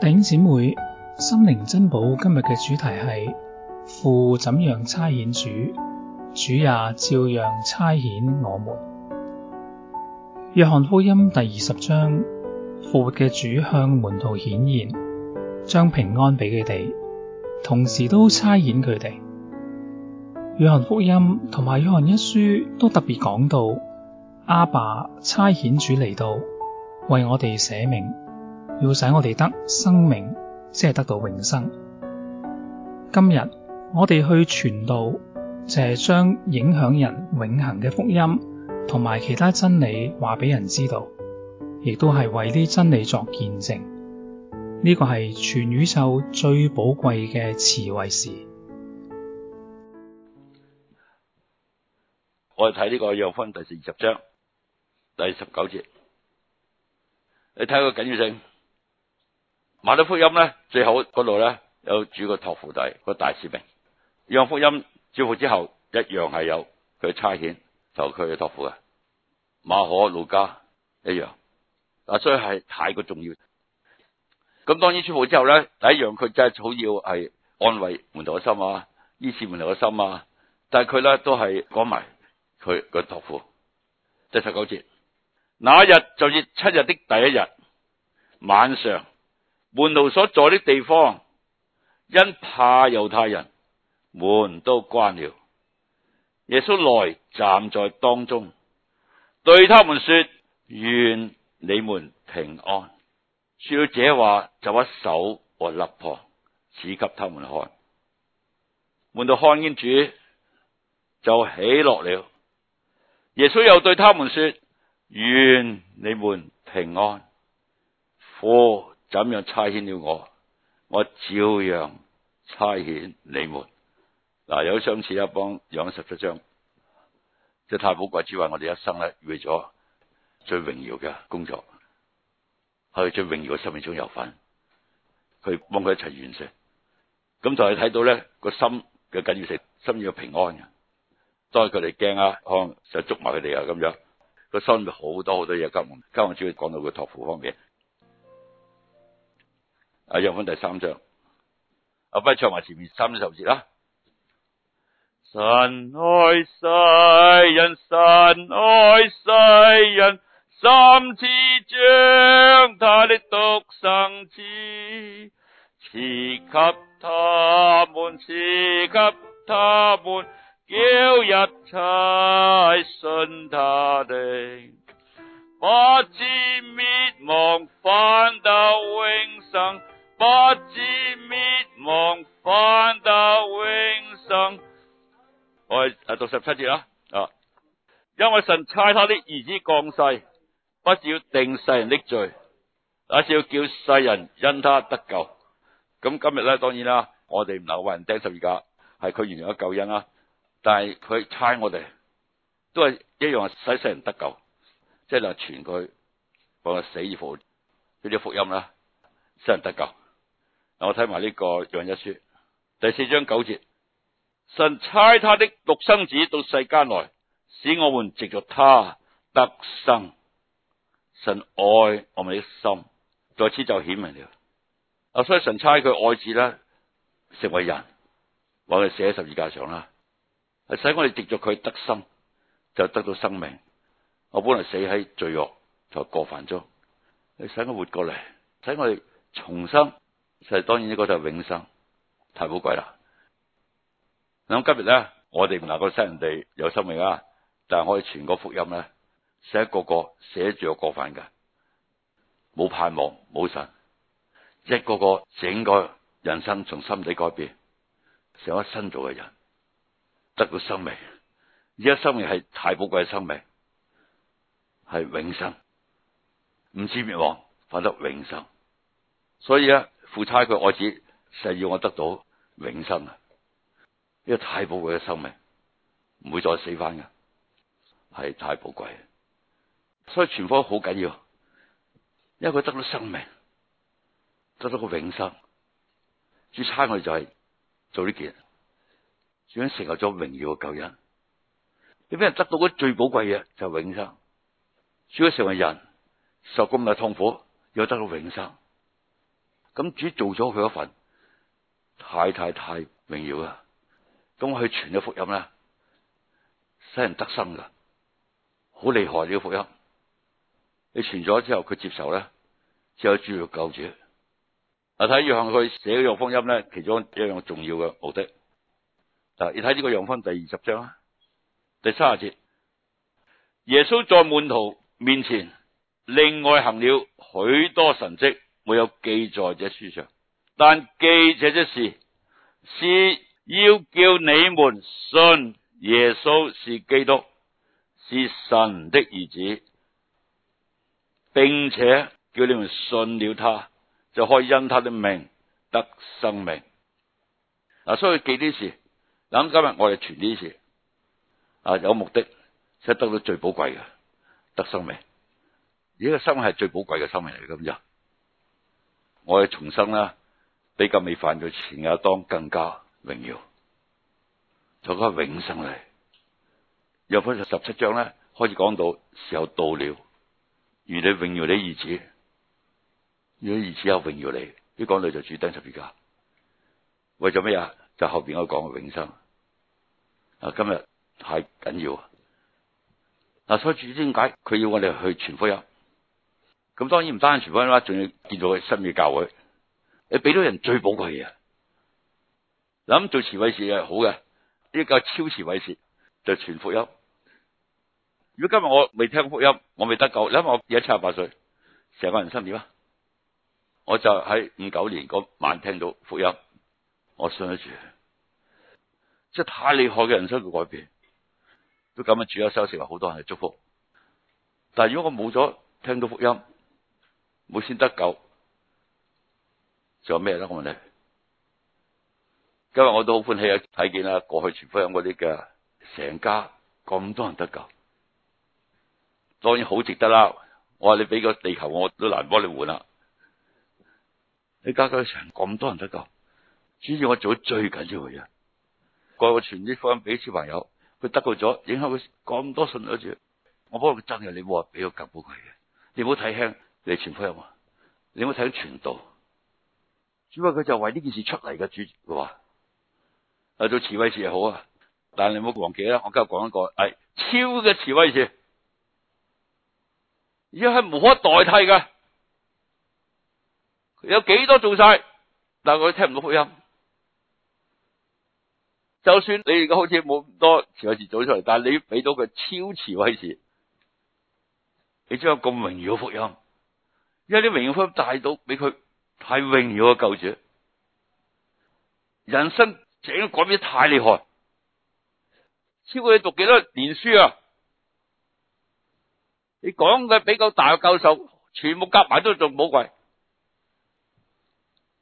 弟兄姊妹，心靈珍寶，今日嘅主題係父怎樣差遣主，主也照樣差遣我們，差遣們。約翰福音第二十章，復活嘅主向門徒顯現，將平安俾佢哋，同時都差遣佢哋。約翰福音同埋約翰一書都特別講到，阿爸差遣主嚟到，為我哋寫名。要使我哋得生命，即係得到永生。今日我哋去傳道，就係、是、將影響人永恒嘅福音同埋其他真理話俾人知道，亦都係為啲真理作見證。呢個係全宇宙最寶貴嘅慈惠事。我哋睇呢個約翰第二十章第十九節，你睇個緊要性。馬太福音咧，最後嗰度咧有主個託付底，那個大使命，讓福音主咐之後，一,一樣係有佢差遣，就佢嘅託付嘅，馬可、路加一樣。嗱，所以係太過重要。咁當然主咐之後咧，第一樣佢真係好要係安慰門徒嘅心啊，醫治門徒嘅心啊。但係佢咧都係講埋佢個託付，即係十九節，那一日就係七日的第一日晚上。門徒所在的地方，因怕猶太人，門都關了。耶穌來，站在當中，對他們說：願你們平安。說了這話，就把手和肋旁，指給他們看。門徒看見主，就喜樂了。耶穌又對他們說：願你們平安。父怎樣差遣了我，我照樣差遣你們。嗱、啊，有相似一幫，養咗十七張，即係太寶貴之話，我哋一生咧預備咗最榮耀嘅工作，去最榮耀嘅生命中有份，去幫佢一齊完成。咁就係睇到咧個心嘅緊要性，心要，心要，心要，心要，心要平安嘅。當佢哋驚啊，可能就捉埋佢哋啊，咁樣。個心好多好多嘢急忙，急忙，主要講到佢託付方面。係又翻第三章，阿輝唱埋前面三十節啦。神愛世人，神愛世人，甚至將他的獨生子賜給他們，賜給他，他們，叫一切信他的，不至滅亡，反得永。不至滅亡，反得永生。我係啊讀十七節啦啊，因為神差他的兒子降世，不是要定世人的罪，乃是要叫世人因他得救。咁今日咧，當然啦，我哋唔係話人釘十字架，係佢原有嘅救恩啦。但係佢差我哋，都係一樣，使世人得救，即係嗱傳佢個死而復活呢啲福音啦，使人得救。我睇埋呢個《約一書》第四章九節：神差他的獨生子到世間來，使我們藉着他得生。神愛我們的心，在此就顯明了。啊，所以神差佢愛子啦，成為人，我哋寫喺十字架上啦，使我哋藉着佢得生，就得到生命。我本來死喺罪惡，就過犯咗，你使我活過嚟，使我哋重生。就係當然一個就永生，太寶貴啦！咁今日咧，我哋唔能夠使人哋有生命啊，但係可以全個福音咧，寫一個一個寫住過犯噶，冇盼望冇神，一個一個整個人生從心底改變，成為新造嘅人，得到生命。而家生命係太寶貴嘅生命，係永生，唔至滅亡，反得永生。所以咧。父差佢，我只誓要我得到永生啊！呢個太寶貴嘅生命，唔會再死翻噶，係太寶貴。所以傳福音好緊要，因為佢得到生命，得到個永生。主差佢就係做呢件，主想成就咗榮耀嘅救恩。你俾人得到嘅最寶貴嘅就永生，主想成為人受咁大痛苦，又得到永生。咁主做咗佢一份太太太榮耀啦，咁佢傳咗福音啦，使人得生噶，好厲害呢個福音。你傳咗之後佢接受咧，就注入救主。啊，睇向佢寫呢樣福音咧，其中一樣重要嘅目的。嗱，你睇呢個約翰福音第二十章啊，第三十節，耶穌在門徒面前另外行了許多神蹟。冇有記在這書上，但記這些事是要叫你們信耶穌是基督，是神的兒子，並且叫你們信了他，就可以因他的名得生命。嗱、啊，所以記啲事，咁今日我哋傳啲事啊，有目的先得到最寶貴嘅得生命。而呢個生命係最寶貴嘅生命嚟，咁就。我哋重生啦，比較未犯咗前亞當更加榮耀，就講永生嚟。約翰福音十七章咧開始講到時候到了，如你榮耀你兒子，如果兒子有榮耀你。啲講你就主等十二家，為咗咩呀？就後邊嗰講永生，啊今日太緊要，嗱，所以知點解佢要我哋去傳福音？咁當然唔單止傳福音啦，仲要建到佢新嘅教會。你俾到人最寶貴嘅嘢，諗做慈惠事係好嘅，呢、這個超慈惠事就係、全福音。如果今日我未聽福音，我未得救，因為我而家七十八歲，成個人心點啊？我就喺五九年嗰晚聽到福音，我信得住，即係太厲害嘅人生嘅改變。都咁啊，主啊，收成好多人嘅祝福。但係如果我冇咗聽到福音，冇先得救，仲有咩咧？我問你，今日我都好歡喜啊！睇見啦，過去傳福音嗰啲嘅，成家咁多人得救，當然好值得啦。我話你俾個地球我都難幫你換啦，你家家成咁多人得救，主要我做最緊要嘅嘢，過個傳啲福音俾小朋友，佢得救咗，影響佢咁多信主，我幫佢真嘅，你冇話俾個急，抱佢嘅，你唔好睇輕。你前夫有冇？你有冇睇到傳道？主話佢就為呢件事出嚟嘅主，佢話：啊做慈威士係好啊，但係你冇忘記咧。我今日講一個係、哎、超嘅慈威士，而家係無可代替嘅。有幾多做晒，但係佢聽唔到福音。就算你而家好似冇咁多慈威士做出嚟，但係你俾到佢超慈威士，你將有咁榮耀嘅福音。因為啲榮耀分大到俾佢，太榮耀嘅救主，人生整改變太厲害，超過你讀幾多年書啊！你講嘅比較大嘅教授，全部夾埋都仲冇貴，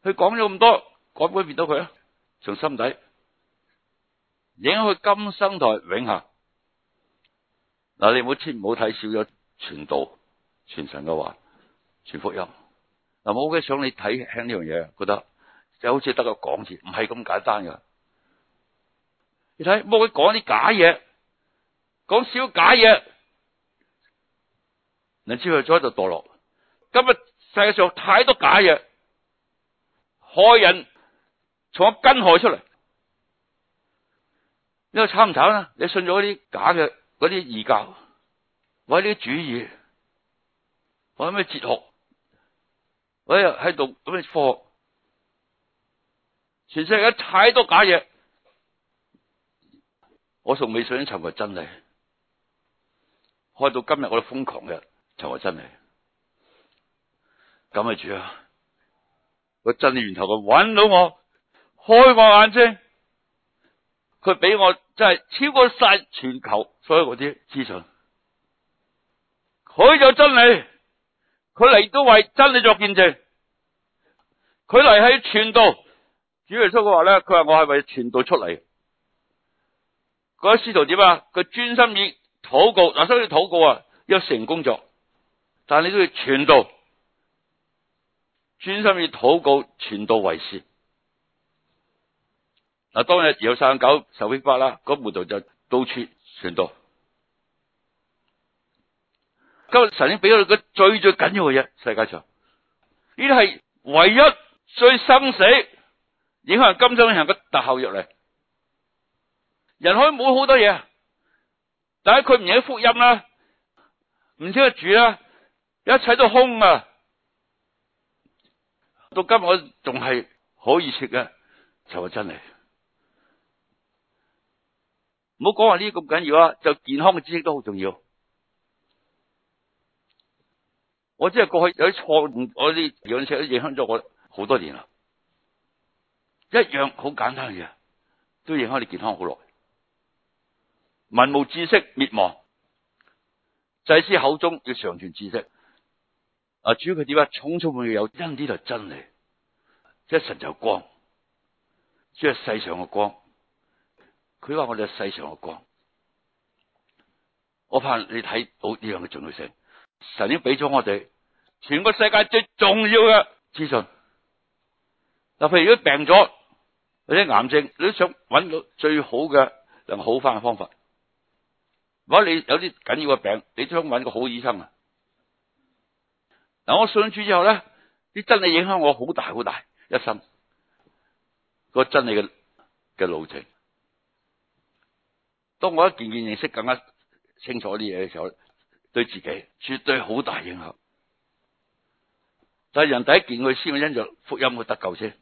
佢講咗咁多，改唔改變到佢啊！從心底影響佢今生台永下嗱，你唔好千唔好睇少咗傳道傳神嘅話。全福音，嗱我好想你睇聽呢樣嘢，覺得就好似得個講字，唔係咁簡單噶。你睇，我講啲假嘢，講少假嘢，你知佢再喺度墮落。今日世界上太多假嘢，害人從根害出嚟。這個，呢個慘唔慘啊？你信咗啲假嘅啲異教，或者啲主義，或者咩哲學？喺度，咁嘅課，全世界太多假嘢，我仲未想尋獲真理，開到今日我都瘋狂嘅尋獲真理。咁咪住啊，個真理源頭佢搵到我，開我眼睛，佢俾我真係超過晒全球所有嗰啲資訊，佢就真理，佢嚟都為真理作見證。佢嚟喺傳道，主耶穌佢話咧，佢話我係咪傳道出嚟？嗰、那個使徒點啊？佢專心以禱告，嗱所以禱告啊，有成功作，但係你都要傳道，專心以禱告，傳道為事。嗱、那個、當日有三九、39, 受億法啦，嗰、那個門徒就到處傳道。今日神已經俾咗佢最最緊要嘅嘢，世界上呢啲係唯一。最生死影響今生人嘅特效藥嚟，人可以冇好多嘢，但係佢唔認福音啦、啊，唔得住啦、啊，一切都空啊！到今日仲係可以食嘅就係、是、真嘅，唔好講話呢咁緊要啊！就健康嘅知識都好重要，我只係過去有啲錯誤，我啲飲食都影響咗我。好多年啦，一樣好簡單嘅嘢，都影響你健康好耐。文無知識滅亡，祭司口中要常存知識。啊，主匆匆要佢點解重重會有，因呢就真理，即神就光，即係世上嘅光。佢話我哋係世上嘅光，光，我怕你睇到呢樣嘅重要性。神已經俾咗我哋全個世界最重要嘅資訊。嗱，譬如如果病咗或者癌症，你都想揾到最好嘅能好翻嘅方法。如果你有啲緊要嘅病，你都想揾個好醫生啊。嗱，我信主之後咧，啲真理影響我好大好大一生。個真理嘅嘅路程，當我一件件認識更加清楚啲嘢嘅時候，對自己絕對好大影響。但係人第一件佢先會因着福音去得救先。